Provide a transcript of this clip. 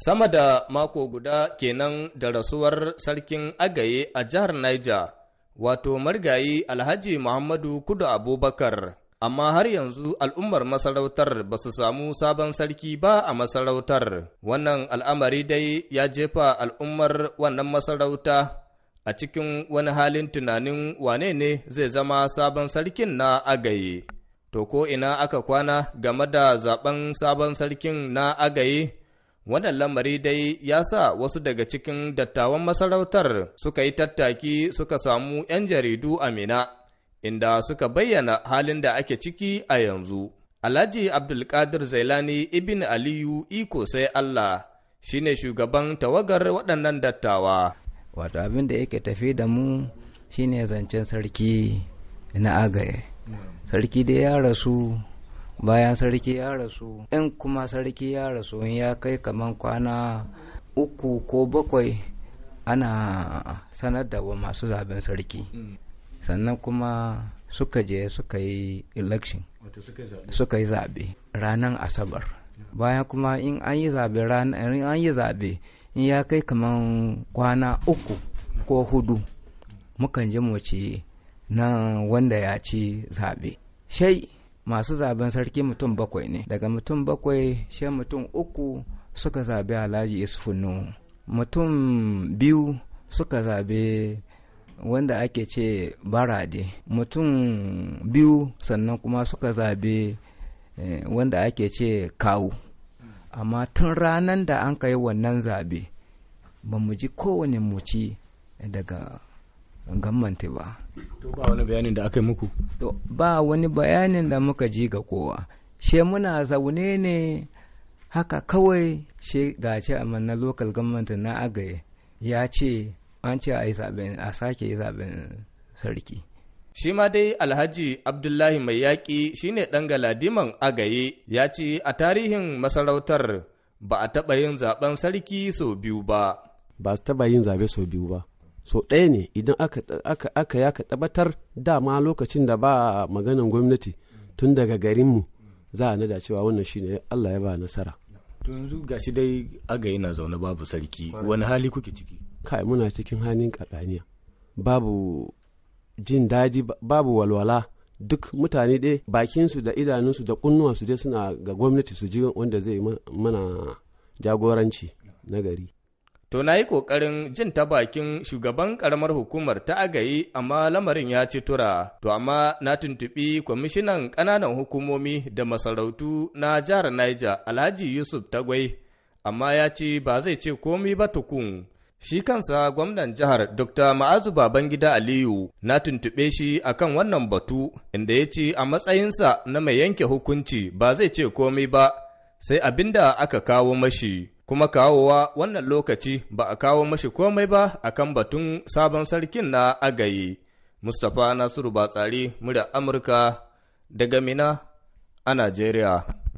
Sama da mako guda kenan da rasuwar sarkin agaye a jihar Niger, wato marigayi Alhaji Muhammadu Kudu Abubakar, amma har yanzu al'ummar masarautar ba su samu sabon sarki ba a masarautar. Wannan al'amari dai ya jefa al'ummar wannan masarauta a cikin wani halin tunanin wane ne zai zama sabon sarkin na agaye. To ko ina aka kwana game da zaben sabon sarkin na agaye? Wannan lamari dai ya sa wasu daga cikin dattawan masarautar suka yi tattaki suka samu 'yan jaridu a Mina, inda suka bayyana halin da ake ciki a yanzu. Alhaji Abdulkadir Zailani Ibn Aliyu Iko sai Allah shi ne shugaban tawagar waɗannan dattawa. Wato abin da yake tafi da mu shi ne zancen sarki na agaye. Sarki dai ya rasu bayan sarki ya rasu in kuma sarki ya rasu ya kai kaman kwana uku ko bakwai ana sanar da wa masu zaben sarki mm. sannan kuma suka je suka yi election suka yi zabe ranar asabar bayan kuma in an yi zabe in an in ya kai kaman kwana uku ko hudu mukan je mu ci na wanda ya ci zabe shai masu zaben sarki mutum bakwai ne daga mutum bakwai sai mutum uku suka zabe alhaji isufu nuhu mutum biyu suka zabe wanda ake ce barade mutum biyu sannan kuma suka zabe eh, wanda ake ce kawu amma tun ranar da an kai wannan zabe ba mu ji kowane muci daga gammanta ba to ba wani bayanin da aka yi muku to ba wani bayanin da muka ji ga kowa she muna zaune ne haka kawai she ce a na local gammanta na agaye ya ce an ce a a sake yi zaben sarki Shi ma dai Alhaji Abdullahi Mai Yaƙi shi ne ɗan galadiman agaye ya ce a tarihin masarautar ba a taɓa yin zaben sarki sau biyu ba. Ba su taɓa yin zaɓe sau biyu ba. so ɗaya ne idan aka, ya ka tabbatar dama lokacin da ba maganan gwamnati tun daga garinmu za a nada cewa wannan shine Allah ya ba nasara to yanzu gashi dai aga yana zaune babu sarki wani hali kuke ciki kai muna cikin halin kakaniya babu jin daji babu walwala duk mutane dai bakinsu da idanunsu da kunnuwansu dai suna ga gwamnati su ji wanda zai mana jagoranci na gari To na yi ƙoƙarin jin ta bakin shugaban ƙaramar hukumar ta agayi amma lamarin ya ci tura. To amma na tuntuɓi kwamishinan ƙananan hukumomi da masarautu na jihar Niger Alhaji Yusuf Tagwai, amma ya ce ba zai ce komi ba tukun. Shi kansa gwamnan jihar Dr. Ma'azu Babangida Aliyu na tuntuɓe shi akan wannan batu inda ya ce a matsayinsa na mai yanke hukunci ba zai ce komi ba sai abinda aka kawo mashi. kuma kawowa wannan lokaci ba a kawo mashi komai ba a kan batun sabon sarkin na agayi. Mustapha Nasiru Batsari, murya Amurka daga Mina a Najeriya.